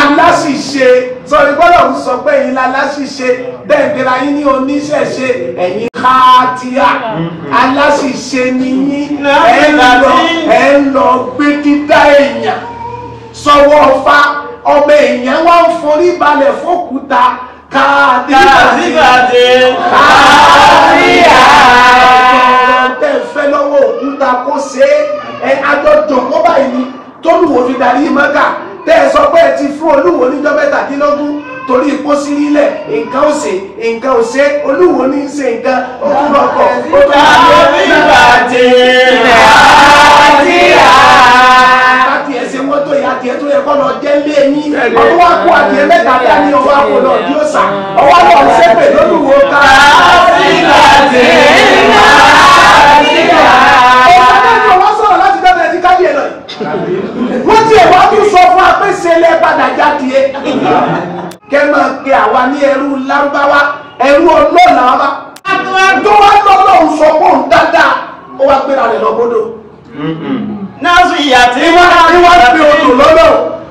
aláṣìṣe sọ̀rọ̀ gbọ́dọ̀ ń sọ pé ẹ̀yin láláṣìṣe dẹ́gbẹ̀rẹ̀ ayé ní oníṣẹ̀ṣe ẹ̀yin káàtìyà mm-hmm. aláṣìṣe ni yín ẹ̀ ń lọ ẹ̀ ń lọ gbé dídá èèyàn sọwọ́ fa ọmọ èèyàn wá ń forí balẹ̀ fókúta káàdìyàdì káàdìyà tẹ̀ fẹ́ lọ́wọ́ òkúta kó ṣe é adọ́jọ́ kó báyìí tólùwò fi darí mọ́gà tẹ́ ẹ sọ fún olúwo níjọ́ mẹ́tàdínlógún torí ipò sí nílẹ̀ nǹkan ò nǹkan ò olúwo ní í ṣe nǹkan ó tún lọ kọ̀ ó tún ilẹ̀ àti à. láti ẹsẹ̀ wọ́n tó yẹ adìẹ tó yẹ kọ́ lọ jẹ́ lé yín ọ̀rọ̀ wa kó adìẹ mẹ́ta dá ní ọwọ́ àpò náà bí ó ọwọ́ náà ń ṣépè lólùwọ́ ká. nígbà tí ilẹ̀ àti à. ó sọ fẹ́ sọ̀rọ̀ láti dábẹ̀ẹ́ ti ti ẹ̀ kẹ́ máa pe àwa ní ẹrú lárúbáwá ẹrú ọlọ́ọ̀lá wa tó wá lọ́lọ́run sọ pé òun dáadáa ó wá gbéra rẹ̀ lọ́gbọ́dọ̀. nọ́ọ̀sì ìyá tí wọ́n á rí wọ́n fi odò lọ́lọ́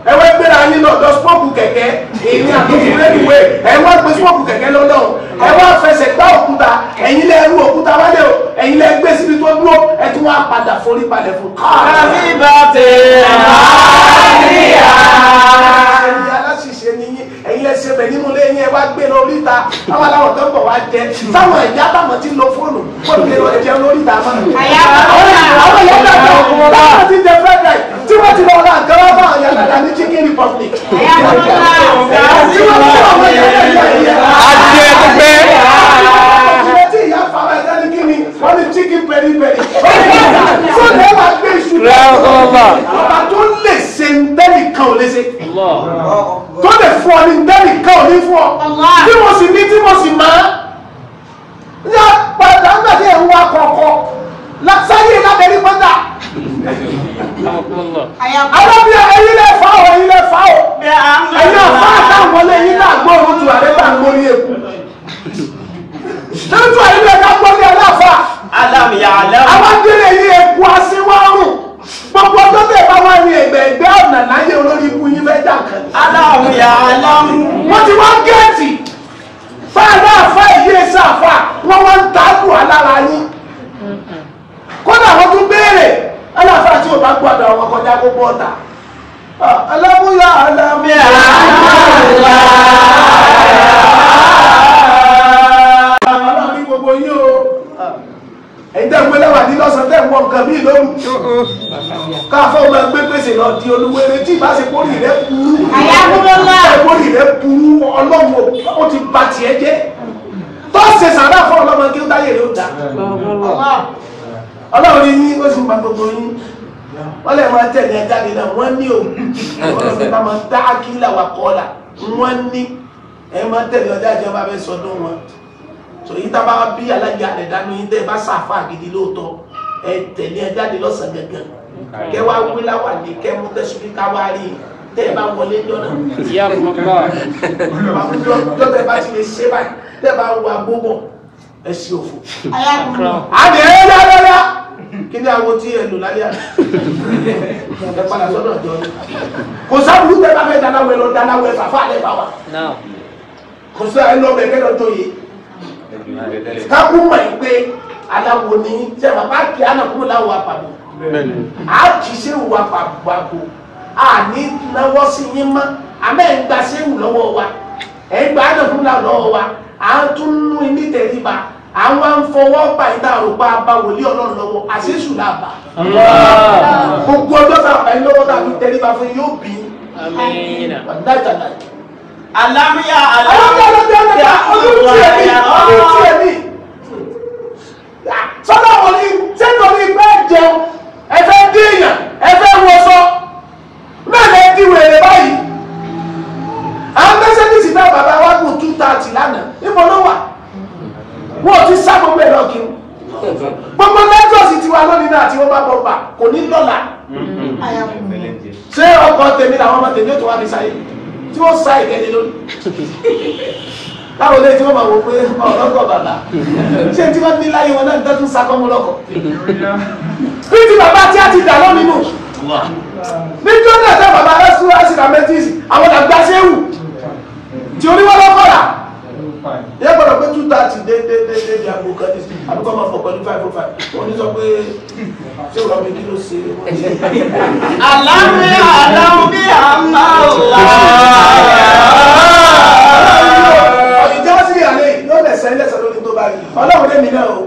ẹ wá gbéra yín lọ dọ́ spọ́ọ̀kù kẹ̀kẹ́ èmi àtọ́kùn lẹ́nuwé ẹ wá gbé spọ́ọ̀kù kẹ̀kẹ́ lọ́lọ́ ẹ wá fẹsẹ̀ gbá òkúta ẹ̀yin lẹ rú òkúta wálé o ẹ̀yin lẹ gbé síbi tó dúró ẹ tún wá padà forí balẹ̀ fún. kàbí bàtẹ́ ẹ̀ máa. wa jẹ táwọn ìyá táwọn ti lọ fóònù kó lè lọ jẹun lórí ìta mọ́. àwọn ìyá dàgbà táwọn ti jẹ fẹ́ rẹ̀ tí wọ́n ti lọ ra nǹkan wá fún àwọn ìyá dàgbà ní Chicken Republic. tí wọ́n ti lọ ọmọ ìyá dàgbà yẹn. adìyẹ tó pẹ́. adìyẹ tí ìyá fara ẹ̀dá ní kíni wọ́n ní chicken peri peri. fún mi wá gbé iṣu. ọba tó lè ṣe ń tẹ́lẹ̀ kan ò lè ṣe tó lè fún ọ ní dẹ́nì kan ò ní fún ọ tí mo sì ní tí mo sì máa ní pàtàkì nígbà tí èèwù akọ̀ọ̀kọ̀ lásáyé lábẹ́rí pátá. alábí ẹyin lè fa o ẹyin lè fa o ẹyin àfa àtàwọlé yín náà gbóòórùn tù àrẹ bá ń gbórí èkó. lójú àyín lè ká gbórí aláfa. alámìyá aláwọ̀. àwọn délé yìí èkó aṣíwárùn gbogbo tó tẹ̀ bá wá afọmọ ẹgbẹ́ gbèsè lọ di olúwere tí ìbá ṣe kórì rẹ burú kórì rẹ burú ọlọ́run ó ti ba tiẹ̀ jẹ́ tó ṣe sàrà fún ọlọ́mọ kí ó dáyé rẹ ó dá ọlọ́run yín ó sì máa gbogbo yín wọ́n lè máa tẹ̀lé ẹja ni náà wọ́n ní òun wọ́n fi máa dá akílà wà kọ́là wọ́n ní ẹ máa tẹ̀lé ọjà ìjọba bẹ́ẹ̀ sọdún wọn tòyí tá bí alájà rẹ̀ dánú yín tẹ́ ẹ bá sàfà gidi lóòótọ́ ẹ tẹ̀lé ẹja ni lọ́sàn gẹ́gẹ́ kẹ́ wá wí láwà ní kẹ́ mú tẹ́sùbí ká wá rí tẹ́ ẹ bá wọlé jọ́nà. ìyá mi mọ̀ kọ́. jọ́tẹ̀ bá ti lè ṣe báyìí tẹ́ bá wà gbogbo ẹ sí òfò. àdé ẹ dáadáa kí ni àwọn tí ẹ lò lálẹ́ àná ẹ padà sọ́dọ̀ jọ ni kò sábùú tẹ́ bá fẹ́ dánáwẹ́ lọ dánáwẹ́ fàfà lẹ́ bá wa kò sí ẹ lọ bẹ̀ kẹ́ lọ tó yẹ kákú mọ̀ ẹ́ pé aláwo ni jẹ́ bàbá kí á nà kúrò láwọ̀ àpàbọ̀ a kì í ṣe wà pàgbàgbò a ní lọ́wọ́ sí yín mọ́ àmẹ́ ń gba séwù lọ́wọ́ wa ẹ̀ ń gba àdàkúnlá lọ́wọ́ wa à ń tún nú ní tẹríba àwọn à ń fọwọ́ pa ìta àròpá bá wòlíì ọlọ́run lọ́wọ́ àṣìṣù là bà gbogbo ọjọ́ tá a bá yín lọ́wọ́ tá a fi tẹríba fún yín yóò bí àmín alámúyá alámúyá alámúyá ọdún tí ẹ ní ọdún tí ẹ ní sọ́dọ̀ wọlé sẹ́dọ̀ ní bẹ́ẹ̀ jẹun. láìpẹ́ ní lónìí láwọn olóyè tí wọ́n máa wò pé ọlọ́kọ̀ bàbá ṣé tí wọ́n ní láyé wọn náà ń tọ́tún sakọ́mú lọ́kọ̀ bí bàbá tí a ti dà lọ́mí nù ní tó náà tẹ́ bàbá rẹ̀ sùn láti rà àwọn àgbà tí oníwọ́lọ́kọ̀ thirty dé dé dé dé di àgbo kan ní àbí kọ́ máa fọ̀ pẹ̀lú five oh five wọ́n ní sọ pé hmm, ṣé wọ́n mi kí ṣe alámi alámi àmà ọ̀la. ìjà sí àlẹ́ yóò lẹ̀sẹ̀ lẹ́sẹ̀ lórí tó bá yìí ọlọ́run lé mi náà o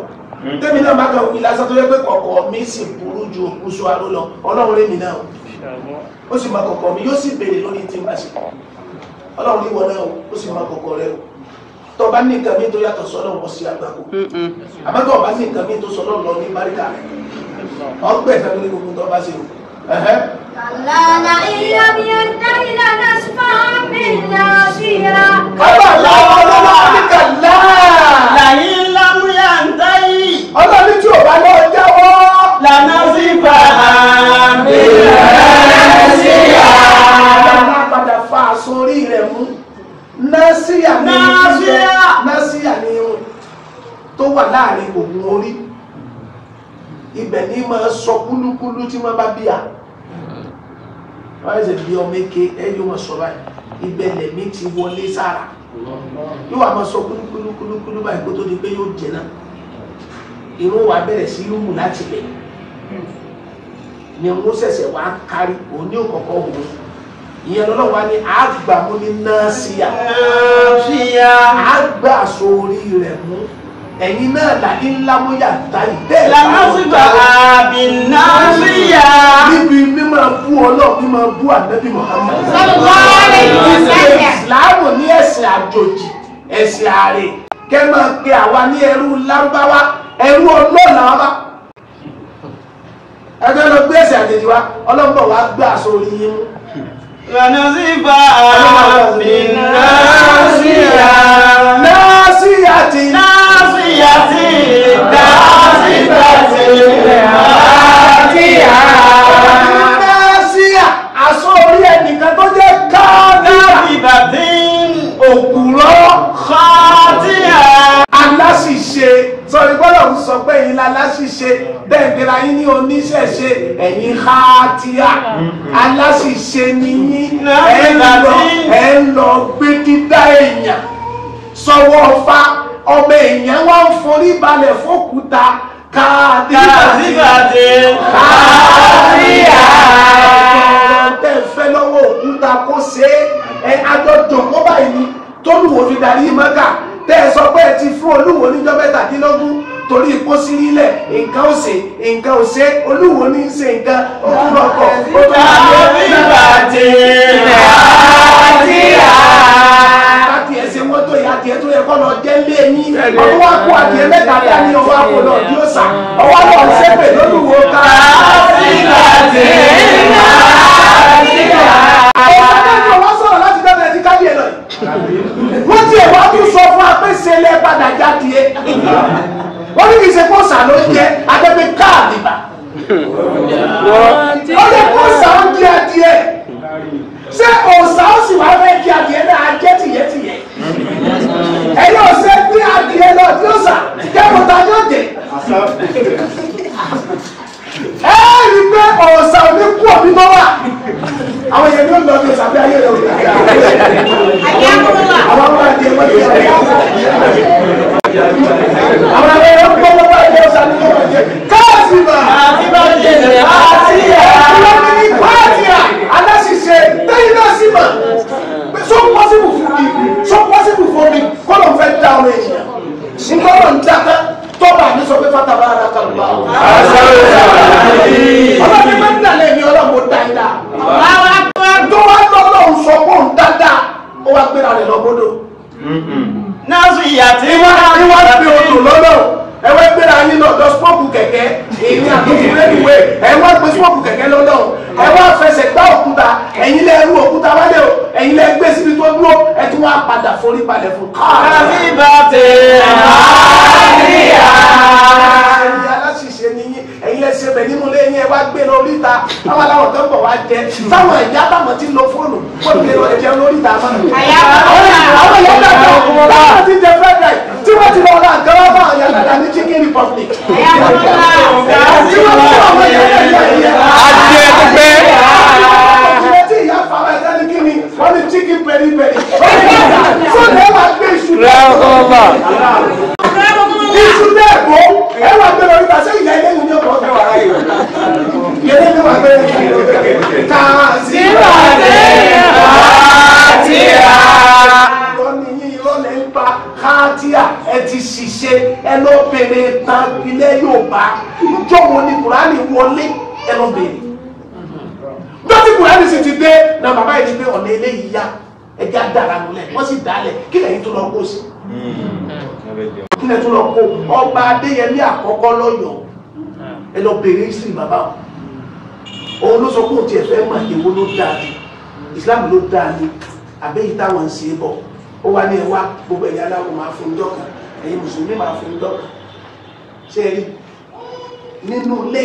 tẹ́mi hmm. náà má kàn wí lásán tó yẹ pé kọ̀ọ̀kọ̀ mi sì burú ju òkú sọ lọ ọlọ́run lé mi náà o ó sì máa kọ̀ọ̀kọ̀ mi yóò sì béèrè lórí tí n bá ṣe ọlọ́run lé wọn náà o ó sì máa kọ̀ọ̀kọ̀ rẹ o tó bá ní nǹkan mi tó yàtọ̀ sọ́nà wọ́n sí àgbàkù àmọ́ tó bá ní nǹkan mi tó sọ́nà lọ ní báríkà ọgbẹ́ ìfẹ́ lórí gbogbo tó sí o. Kàlàlà ilé mi ò dárí lọ́nà sípà mi là sí ra. Bàbá làwọn ọlọ́wọ́ Áfíríkà láà. Làyín lámúyà ń dáyì. Ọlọ́run tí ò bá lọ máa sọ kúlúkúlú tí wọ́n bá bíyà wọ́n ṣe bí ọmọ eke ẹ yóò máa sọ báyìí ìbẹ̀lẹ̀ mi ti wọlé sára yóò wá máa sọ kúlúkúlúkúlú báyìí kó tó di pé yóò jẹ náà irun wa bẹ̀rẹ̀ sí lùmù láti bẹ̀ ni wọ́n ṣẹ̀ṣẹ̀ wá kárí òun òkọ̀kọ̀ òun ìyẹn lọ́nà wa ni àgbà mú ní náà àgbà sórí rẹ̀ mú ẹ̀yin náà làdí ńlá wọ́yà táyì. làmásùgbà àbínà síyà. níbi mímọ bú ọlọ́ọ̀ mímọ bú ànábì Muhammad. ìsìláàmù ní ẹ̀sìn àjòjì ẹ̀sìn àárẹ̀ kẹ́ máa pe àwa ní ẹrú lárúbáwá ẹrú ọlọ́ọ̀lá wa ẹgbẹ́ lọ gbé ẹ̀sìn àjèjì wa ọlọ́gbọ̀ wa gbé aṣọ orí yín mú. Rànàzíbà àmì náà síyà. Náà síyà ti náà yàtí ìdá síta sí àtìyà. Káàsíà aṣọ orí ẹnìkan tó jẹ́ káàdìyà. Ìbàdí òkúrọ́ káàdìyà. Aláṣìṣe sọ̀rọ̀ gbọ́dọ̀ ń sọ pé ẹ̀yin láláṣìṣe dẹ́gbẹ̀rẹ̀ ayé ní oníṣẹ̀ṣe ẹ̀yin káàdìyà. Aláṣìṣe ni yín ẹ̀ ń lọ gbé dídá èèyàn sọwọ́ fa ọmọ èèyàn wá ń forí balẹ̀ fókúta kàdíyàdé kàdíyà tẹ́ fẹ́ lọ́wọ́ òkúta kó ṣe é àjọjọ kó báyìí ni tólùwò fi darí mọ́gà tẹ́ ẹ sọ pé ẹ ti fún olúwo níjọ́ mẹ́tàdínlógún torí ipò sí nílẹ̀ nǹkan ò ṣe nǹkan ò ṣe ní í ṣe nǹkan òkúrò ọkọ̀ ó tó ń kọ́ lọ jẹ́ lé ní ọwọ́ wa kó adìẹ mẹ́ta dá ní ọwọ́ àpò lọ bí ó sà ọwọ́ lọ sẹ́pẹ̀ lólùwọ́ ká. sílá sí iná sílá. ọ̀sán náà sọ̀rọ̀ láti dábẹ́ ti kájí ẹ̀ lọ. wọ́n ti ẹ̀ wá tún sọ fún apẹ́sẹ̀ lẹ́ padà jáde. wọ́n ní kì í ṣe kó sà ló jẹ́ adẹ́gbẹ́ káàdì bá. ó yẹ kó sà ó jẹ́ adìẹ. ṣé òsà àbí ọ̀sà kẹ́kọ̀ọ́ta yóò dé. ẹ rí i pé ọ̀sà òní kú ọ̀bí mọ́ wà àwọn yẹn ló lọ bí ọ̀sà bí ayé rẹ̀ òní. àyè àkọ́kọ́ wà. àwọn ọmọ àti ẹgbẹ́ mi sọ̀rọ̀. àti ìwà fi odò lọ́nà ẹ wá gbéra yín lọ lọ smoke kẹ̀kẹ́ èyí àtúntò lẹ́nuwé ẹ wá gbé smoke kẹ̀kẹ́ lọ́nà ẹ wá fẹsẹ̀ gbá òkúta ẹ̀yin lẹ rú òkúta wálé o ẹ̀yin lẹ gbé síbi tó dúró ẹ tún wá padà forí balẹ̀ fún. kàmí bàtẹ àríyá. ẹ̀yin aláṣìṣe ni yín ẹ̀yin lẹ ṣe bẹ̀ nínú ilé yín ẹ wá gbé lọ oríta àwọn aláwọ̀ tó ń bọ̀ wá jẹ táwọn ẹ̀yà táwọn ti lo fóònù fóònù lè lọ jẹun lóríta mọ́. àyà àwọn ìyá ń bá ẹ ti ṣiṣẹ́ ẹ lọ bèrè tán ilẹ̀ Yorùbá ìjọ wo ni Kùránì wọlé ẹ lọ bèrè lọ́tí Kùránì sì ti dé na bàbá yìí ti dé ọ̀nà eléyìí yá ẹja dára lulẹ̀ wọ́n sì dálẹ̀ kí lẹ́yìn tó lọ kó sí kí lẹ́yìn tó lọ kó ọba Adéyẹmí àkọ́kọ́ lọ́yọ̀ọ́ ẹ lọ bèrè sí bàbá o òun ló sọ pé òun tiẹ̀ fẹ́ mọ̀ èwo ló dáa ju Islam ló dáa ni àbẹ́yìí táwọn ń ṣe é bọ̀ ó wá ní ẹwà gbogbo ẹ̀yà aláwọ̀ máa fún un dọ́kan ẹ̀yin mùsùlùmí máa fún un dọ́kan ṣe rí nínú ilé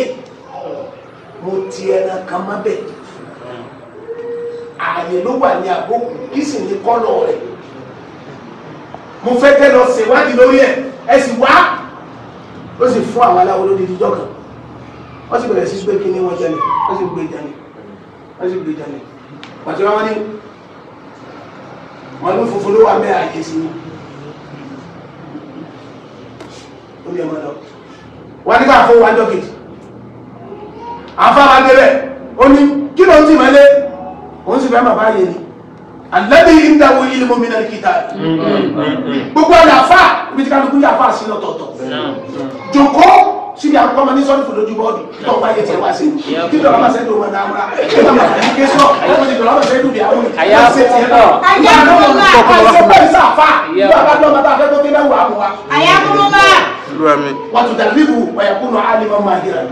mo ti ẹran kan mọ́ bẹ́ẹ̀ ààyè ló wà ní àbókù kí sì ní kọ́lọ̀ rẹ̀ mo fẹ́ kẹ́ lọ ṣèwádìí lórí ẹ̀ ẹ sì wá ó sì fún àwọn aláwọ̀ lóde ìdíjọ́ kan wọ́n sì bẹ̀rẹ̀ sí pé kí ni wọ́n jẹ́ ni wọ́n sì gbé jẹ́ ni wọ́n sì gbé jẹ́ ni pàṣẹ wọn ní wọn ló funfun ló wà bẹ́ẹ̀ àyè sí ó ní ọmọ lọ wọn nígbà fún wa jọ kejì àfáà débẹ̀ ó ní kí ló ń tì mọ́lé òun sì fẹ́ bàbá yẹn ni àlẹ́bí ìdáwó ilé mọ́mí náà kíta gbogbo ọ̀nà àfáà ibi tí kálukú yà àfáà sí lọ́tọ̀ọ̀tọ̀ jòkó síbi àkọ́kọ́ máa ní sọ́ọ̀dì fún lójú bọ́ọ̀dù tó ń bá yẹ tiẹ̀ wá sí i dídọ̀ ọmọ sẹ́dùn ọmọ dáhùrà nígbà máa ní ké sọ ọmọ dídọ̀ ọmọ sẹ́dùn bí àwọn ìyá ṣe tiẹ̀ náà nígbà náà wọn kọ́ kọ́ lọ́kọ́ bá ìṣe àfa nígbà bá dọ́ ọmọ bá fẹ́ tó dé náà wà á mú wa. wàtú dàlíbù wàyàkùnú àlìmọ́ máa yẹra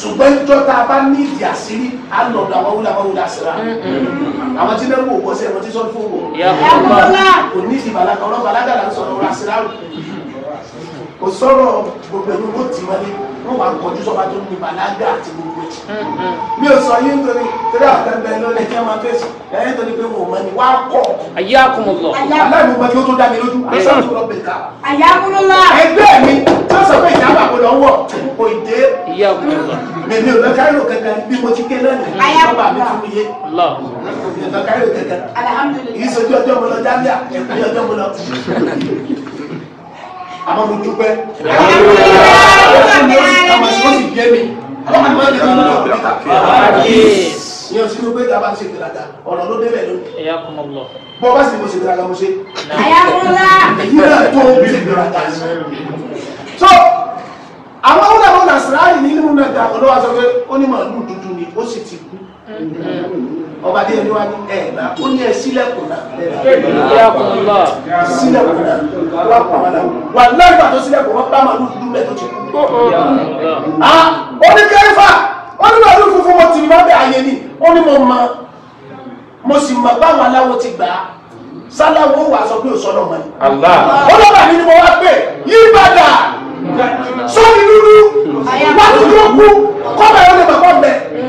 ṣùgbọ́n ìjọ tá a bá ní ìdí àṣírí á lọ ọ̀dọ̀ àwọn wúlò àwọn wúlò àṣírà àwọn tí lẹ́wọ̀ ògbọ́sẹ̀ wọn ti sọ́ọ́ fún wọn. kò ní ìdìbò ọlọ́gbà alága ń sọ̀rọ̀ ọ̀rọ̀ àṣírà rù kò sọ̀rọ̀ gbogbo ẹni owó tì wọlé wọn wà kọjú sọ́ba tó ní balaga àti gbogbo ẹ̀ mm-hmm. mi ò sọ yín nítorí torí àtẹ̀bẹ̀ lọ́lẹ̀ kí wọ́n máa fèsì ẹ̀yẹ́ nítorí pé wò mọ́ni wá kọ̀. ayé àkùnmọ̀lọ. aláàbò mọ kí ó tó dá mi lójú àṣà tó lọ bẹ̀ka. àyà àkùnmọ̀lọ. ẹgbẹ́ mi tó sọ pé ìyá àbàkù lọ wọ̀ kò dé. ayé àkùnmọ̀lọ. mèmi ò lọ káírò kankan bí mo ti ké lẹ́nu. ayé àkùnmọ̀lọ àmọ́ mo dúpẹ́ àwọn àmọ́ ẹni tó ń lọ pẹ́ta ní ọsùn ló pé tá a bá ń ṣe ìdàgbà ọ̀rọ̀ ló débẹ̀ ló bọ́ bá sì mo ṣe ìdàgbà mo ṣe. àyàkúnlá èyí so àwọn ọ̀nà ọ̀nà sàráàlì nínú náà dàgbà lọ́wọ́ sọ pé Mm-hmm. ọba díẹ̀ ní wa ní ẹ̀ẹ́dá ó ní ẹ sílẹ̀kùn náà sílẹ̀kùn náà wà pàmàdà wà lẹ́gbà tó sílẹ̀kùn wọn bá màlúù dúdú mẹ́tò jù. ó ní kẹfà ó ní màlúù funfun mo ti má bẹ àyè ni ó ní mo mọ mo sì mọ báwọn aláwo ti gbà á sáláwo wà sọ pé òsọ́nà mọ́ ni. ọlọ́ba mi ni mo wá pè yípadà sọ́ni dúdú wàá dúdú kú kọ́ bẹ̀rẹ̀ ó lè bàbá bẹ̀rẹ̀.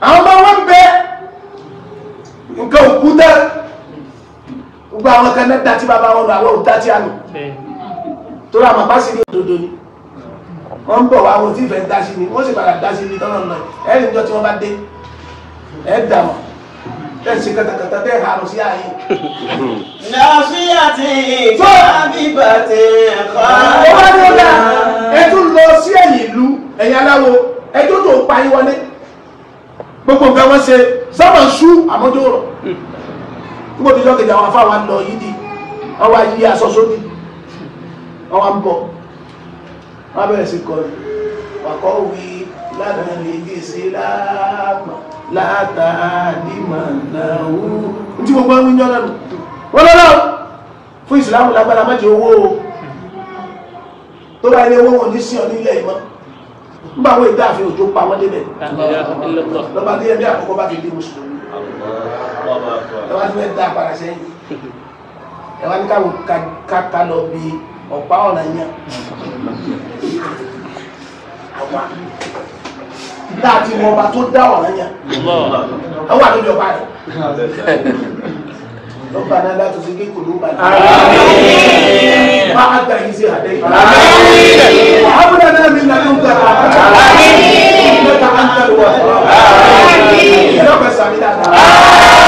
àwọn ọmọ wọn bẹ nǹkan òkúta gbogbo àwọn kan náà dátí bàbá wọn lọ òkúta tí a lò tó rà màbá sí ní òdodo ni wọ́n bọ̀ wá wọn tí fẹ́ dá ni wọ́n sì padà dá ni tọ́nà náà ẹ̀rìn jọ tí wọ́n bá dé ẹ̀ dà wọ́n tẹ̀sí katakata tẹ̀ hà sí ààyè. lọ́síyà tí ìjọ bíbà ti kọ́. ó wá ní lọ sí ẹ̀yìn ìlú ẹ̀yìn gbogbo nǹkan wọ́n ṣe sábà ṣú àmọ́jọ́ rọ̀ hmm. nígbà tó jọ́kejì àwọn afá wa lọ yídi ọwọ́ yí aṣọ sódì ọwọ́ ń bọ̀ wọ́n bẹ̀rẹ̀ sí kọrin wàkọ́ wí ládàá lè dé sí láàpọ̀ látàdímọ̀ náà wú tí gbogbo ń yọ lẹ́nu nígbà wo ìgbà àfihàn òjò pa wọ́n débẹ̀ lọ́ba dé ẹbí àkọ́kọ́ bá ti dé mùsùlùmí lọ́ba tó fẹ́ dá apara sẹ́yìn ẹ̀wá ní káwọn kàkà lọ bí ọ̀pá ọ̀nà yẹn ọ̀pá láti mọ ọba tó dá ọ̀nà yẹn ẹ̀wá tó di ọ̀pá rẹ̀. ربنا لا تزغ قلوبنا بعد إذ هديتنا وهب لنا من لدنك رحمة آمين إنك أنت الوهاب آمين إنك سميع الدعاء آمين